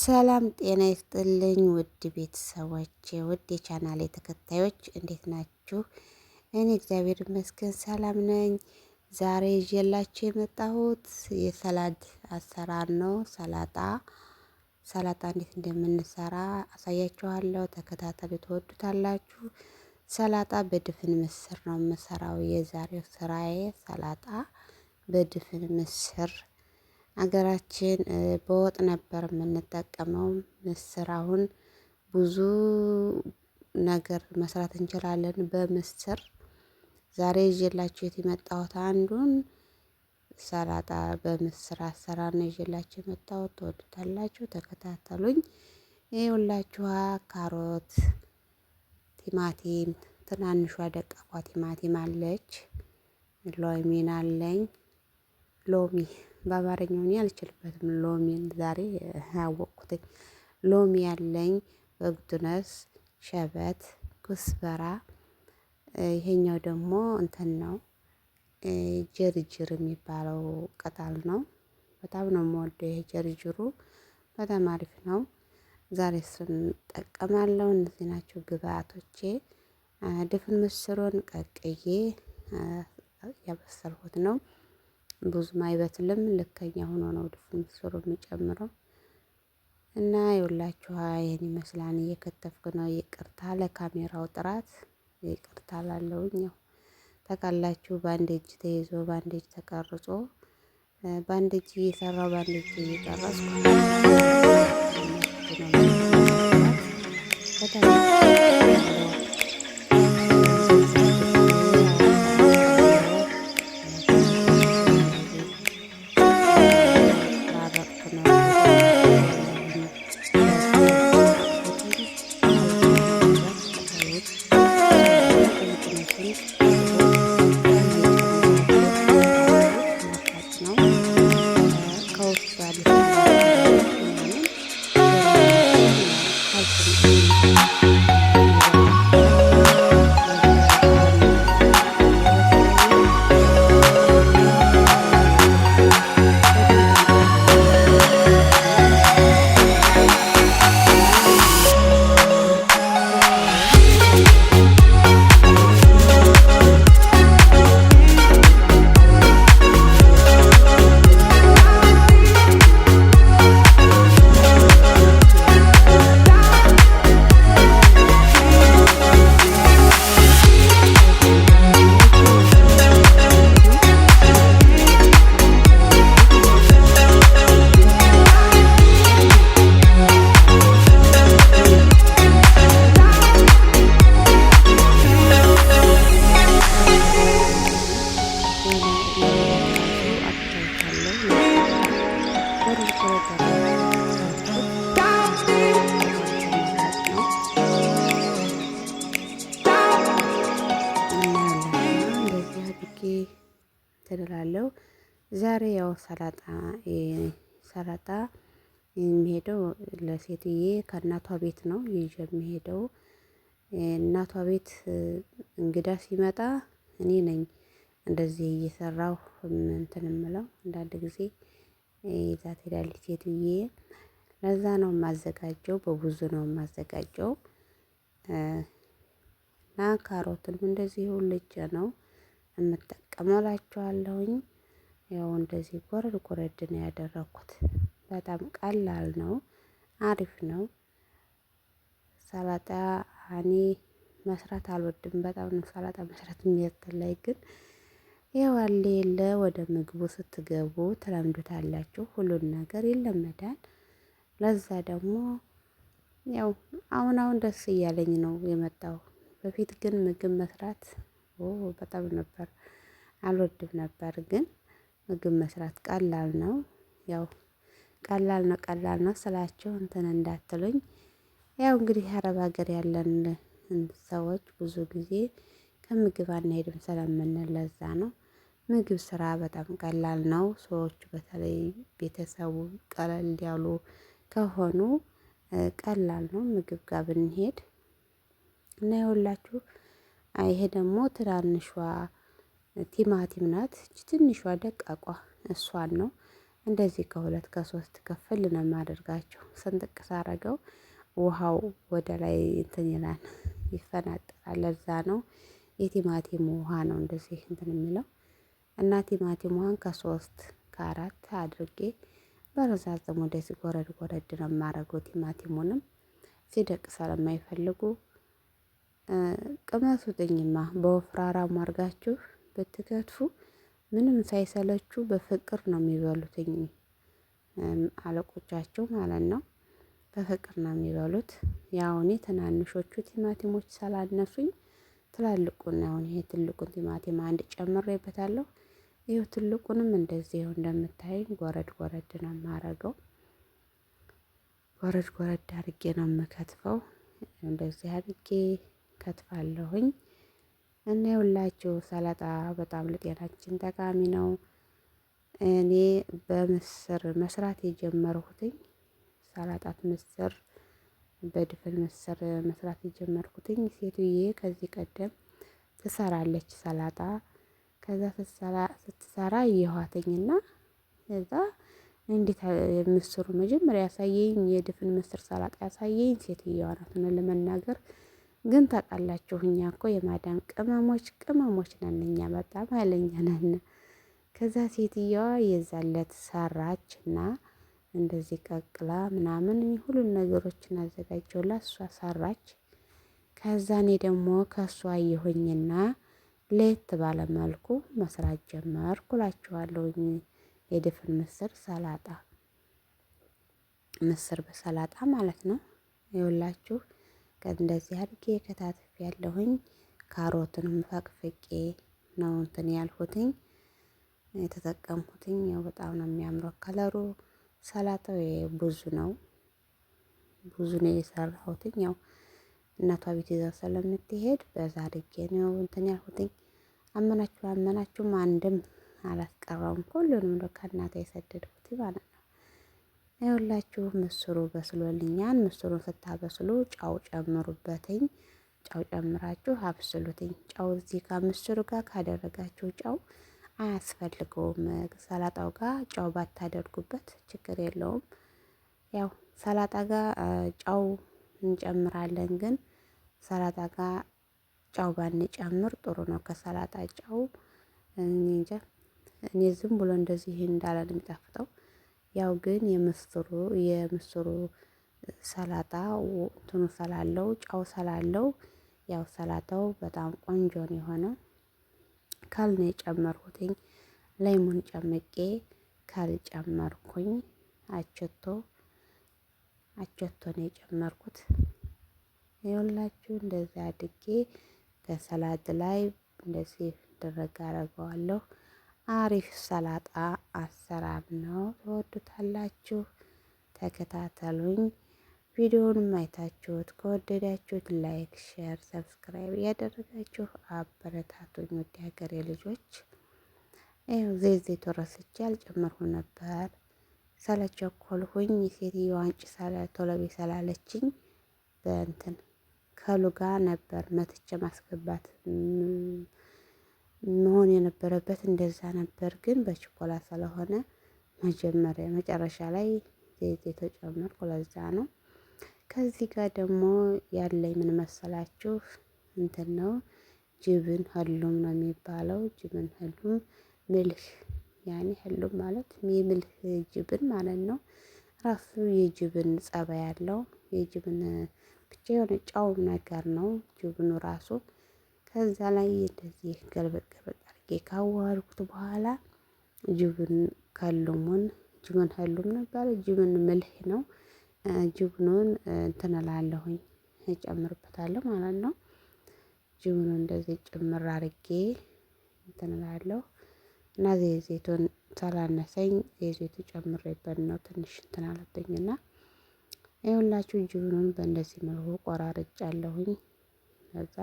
ሰላም ጤና ይስጥልኝ ውድ ቤተሰቦች፣ ውድ የቻናሌ ተከታዮች እንዴት ናችሁ? እኔ እግዚአብሔር ይመስገን ሰላም ነኝ። ዛሬ ይዤላችሁ የመጣሁት የሰላድ አሰራር ነው። ሰላጣ ሰላጣ እንዴት እንደምንሰራ አሳያችኋለሁ። ተከታተሉ፣ ትወዱታላችሁ። ሰላጣ በድፍን ምስር ነው የምሰራው። የዛሬው ስራዬ ሰላጣ በድፍን ምስር አገራችን በወጥ ነበር የምንጠቀመው ምስር አሁን ብዙ ነገር መስራት እንችላለን በምስር። ዛሬ ይዤላችሁ የመጣሁት አንዱን ሰላጣ በምስር አሰራር ነው ይዤላችሁ የመጣሁት ትወዱታላችሁ። ተከታተሉኝ። ይኸውላችኋ ካሮት፣ ቲማቲም ትናንሿ ደቃቋ ቲማቲም አለች። ሎሚን አለኝ ሎሚ በአማርኛው እኔ አልችልበትም። ሎሚን ዛሬ አወቅኩትኝ። ሎሚ ያለኝ እብዱነስ፣ ሸበት፣ ኩስበራ ይሄኛው ደግሞ እንትን ነው ጀርጅር የሚባለው ቅጠል ነው። በጣም ነው የምወደው። ይሄ ጀርጅሩ በጣም አሪፍ ነው። ዛሬ እሱን እጠቀማለሁ። እነዚህ ናቸው ግብአቶቼ። ድፍን ምስሩን ቀቅዬ ያበሰልኩት ነው። ብዙም አይበስልም ልከኛ ሆኖ ነው ድፉን ምስሩ የሚጨምረው እና ይኸውላችኋ ይህን ይመስላል። እየከተፍኩ ነው። ይቅርታ ለካሜራው ጥራት ይቅርታ ላለውኝ ያው ተቃላችሁ። በአንድ እጅ ተይዞ በአንድ እጅ ተቀርጾ በአንድ እጅ እየሰራው በአንድ እጅ እየቀረጽኩ ነው። Sabe? ትላለው ዛሬ ያው ሰላጣ ሰላጣ የሚሄደው ለሴትዬ ከእናቷ ቤት ነው ይዤ የሚሄደው። እናቷ ቤት እንግዳ ሲመጣ እኔ ነኝ እንደዚህ እየሰራሁ እንትን እምለው አንዳንድ ጊዜ ይዛት ሄዳለች ሴትዬ። ለዛ ነው የማዘጋጀው፣ በብዙ ነው የማዘጋጀው። እና ካሮትም እንደዚህ ሁልጭ ነው የምጠቀመው ያው እንደዚህ ጎረድ ጎረድ ነው ያደረኩት። በጣም ቀላል ነው፣ አሪፍ ነው። ሰላጣ እኔ መስራት አልወድም። በጣም ነው ሰላጣ መስራት የሚያስጠላኝ ግን ያው አለ የለ ወደ ምግቡ ስትገቡ ትለምዱታላችሁ ሁሉን ነገር ይለመዳል። ለዛ ደግሞ ያው አሁን አሁን ደስ እያለኝ ነው የመጣው። በፊት ግን ምግብ መስራት በጣም ነበር አልወድም ነበር። ግን ምግብ መስራት ቀላል ነው። ያው ቀላል ነው ቀላል ነው ስላችሁ እንትን እንዳትሉኝ። ያው እንግዲህ አረብ ሀገር ያለን ሰዎች ብዙ ጊዜ ከምግብ አንሄድም ስለምንለዛ ለዛ ነው ምግብ ስራ በጣም ቀላል ነው። ሰዎቹ በተለይ ቤተሰቡ ቀለል ያሉ ከሆኑ ቀላል ነው። ምግብ ጋር ብንሄድ እና ይኸውላችሁ ይሄ ደግሞ ትናንሿ ቲማቲም ናት ትንሿ ደቃቋ እሷን ነው እንደዚህ ከሁለት ከሶስት ከፍል ነው የማደርጋቸው ስንጥቅ ሳረገው ውሃው ወደ ላይ እንትን ይላል ይፈናጠራል ለዛ ነው። የቲማቲሙ ውሃ ነው እንደዚህ እንትን የሚለው እና ቲማቲሟን ከሶስት ከአራት አድርጌ በረዛዘም ወደ ጎረድ ጎረድ ነው የማደርገው። ቲማቲሙንም ሲደቅ ስለማይፈልጉ ጥኝማ በወፍራራ ማርጋችሁ ብትከትፉ ምንም ሳይሰለቹ በፍቅር ነው የሚበሉትኝ አለቆቻቸው ማለት ነው። በፍቅር ነው የሚበሉት። ያው እኔ ትናንሾቹ ቲማቲሞች ስላነሱኝ ትላልቁን አሁን ይሄ ትልቁን ቲማቲም አንድ ጨምሬበታለሁ። ይህ ትልቁንም እንደዚህ ይኸው እንደምታየኝ ጎረድ ጎረድ ነው የማረገው። ጎረድ ጎረድ አድርጌ ነው የምከትፈው። እንደዚህ አድርጌ ከትፋለሁኝ እና የሁላችሁ ሰላጣ በጣም ለጤናችን ጠቃሚ ነው። እኔ በምስር መስራት የጀመርኩትኝ ሰላጣት ምስር በድፍን ምስር መስራት የጀመርኩትኝ ሴትዬ ከዚህ ቀደም ትሰራለች ሰላጣ ከዛ ስትሰራ የኋተኝና ከዛ እንዴት ምስሩ መጀመሪያ ያሳየኝ የድፍን ምስር ሰላጣ ያሳየኝ ሴትዮዋ ናት። እውነት ለመናገር ግን ታውቃላችሁ እኛ እኮ የማዳም ቅመሞች ቅመሞች ነን፣ እኛ በጣም ኃይለኛ ነን። ከዛ ሴትዮዋ የዛለት ሰራችና እንደዚህ ቀቅላ ምናምን ሁሉን ነገሮችን አዘጋጀውላ እሷ ሰራች። ከዛ እኔ ደግሞ ከእሷ የሆኝና ለየት ባለ መልኩ መስራት ጀመርኩ እላችኋለሁኝ። የድፍን ምስር ሰላጣ ምስር በሰላጣ ማለት ነው። ይኸውላችሁ እንደዚህ አድርጌ ያለሁኝ ካሮትንም ፈቅፍቄ ነው እንትን ያልሁትኝ የተጠቀምኩትኝ። ያው በጣም ነው የሚያምረው ከለሩ። ሰላጣው ብዙ ነው ብዙ ነው የሰራሁትኝ። ያው እናቷ ቤት ይዛ ስለምትሄድ በዛ አድርጌ ነው እንትን ያልሁትኝ። አመናችሁ አመናችሁ አንድም አላስቀረውም። ሁሉንም ነው ከእናቴ የሰደድኩት ማለት ነው። ይኸውላችሁ ምስሩ በስሎልኛል። ምስሩን ስታበስሉ ጫው ጨምሩበትኝ። ጫው ጨምራችሁ አብስሉትኝ። ጫው እዚህ ጋር ምስሩ ጋር ካደረጋችሁ ጫው አያስፈልገውም። ሰላጣው ጋር ጫው ባታደርጉበት ችግር የለውም። ያው ሰላጣ ጋር ጫው እንጨምራለን ግን ሰላጣ ጋር ጨው ባንጨምር ጥሩ ነው። ከሰላጣ ጨው እንጃ እኔ ዝም ብሎ እንደዚህ እንዳለ ነው የሚጣፍጠው። ያው ግን የምስሩ የምስሩ ሰላጣ እንትኑ ሰላለው ጨው ሰላለው ያው ሰላጣው በጣም ቆንጆ ነው የሆነ ካል ነው የጨመርኩትኝ። ላይሙን ጨምቄ ካልጨመርኩኝ አቸቶ አቸቶ ነው የጨመርኩት። ይኸውላችሁ እንደዚህ አድጌ ከሰላድ ላይ እንደዚህ ደረግ አደርገዋለሁ። አሪፍ ሰላጣ አሰራር ነው። ትወዱታላችሁ። ተከታተሉኝ። ቪዲዮውን አይታችሁት ከወደዳችሁት ላይክ፣ ሼር፣ ሰብስክራይብ እያደረጋችሁ አበረታቱኝ። ወደ ሀገሬ ልጆች ይኸው ዘይት ረስቼ አልጨመርኩም ነበር ስለቸኮልሁኝ። የሴትዮዋን ጭስ ቶሎ ቤት ስላለችኝ በእንትን ከሉጋ ነበር መትቼ ማስገባት መሆን የነበረበት እንደዛ ነበር። ግን በችኮላ ስለሆነ መጀመሪያ መጨረሻ ላይ ዘይት የተጨመርኩ ለዛ ነው። ከዚህ ጋር ደግሞ ያለኝ ምን መሰላችሁ እንትን ነው ጅብን ህሉም ነው የሚባለው። ጅብን ህሉም ምልህ ያኔ ህሉም ማለት የምልህ ጅብን ማለት ነው። ራሱ የጅብን ጸባይ ያለው የጅብን ብቻ የሆነ ጫው ነገር ነው ጅብኑ ራሱ። ከዛ ላይ እንደዚህ ገልበጥ ገልበጥ አድርጌ ካዋርኩት በኋላ ጅብን ከሉሙን ጅብን ከሉም ነበር ጅብን ምልህ ነው። ጅብኑን እንትንላለሁኝ እላለሁኝ እጨምርበታለሁ ማለት ነው። ጅብኑን እንደዚህ ጭምር አድርጌ እንትን እላለሁ እና ዘይቱን ሳላነሰኝ ዘይቱ ጨምሬበት ነው ትንሽ እንትን አለብኝና ይኸውላችሁ ጅብኑን በእንደዚህ መልኩ ቆራርጫለሁኝ። ከዛ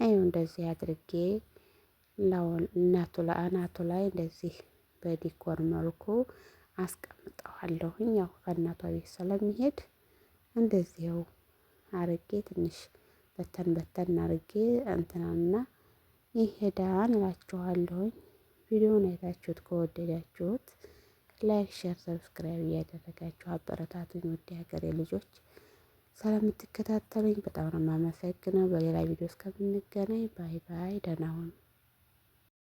ይኸው እንደዚህ አድርጌ እናቱ አናቱ ላይ እንደዚህ በዲኮር መልኩ አስቀምጠዋለሁኝ። ያው ከእናቷ ቤት ስለሚሄድ እንደዚህው አርጌ ትንሽ በተን በተን አርጌ እንትናና ይሄዳን እላችኋለሁኝ። ቪዲዮውን አይታችሁት ከወደዳችሁት ላይክ፣ ሼር፣ ሰብስክራይብ እያደረጋችሁ አበረታቱኝ። ውድ ሀገሬ ልጆች ስለምትከታተሉኝ በጣም ነው የማመሰግነው። በሌላ ቪዲዮ እስከምንገናኝ ባይ ባይ፣ ደህና ሁኑ።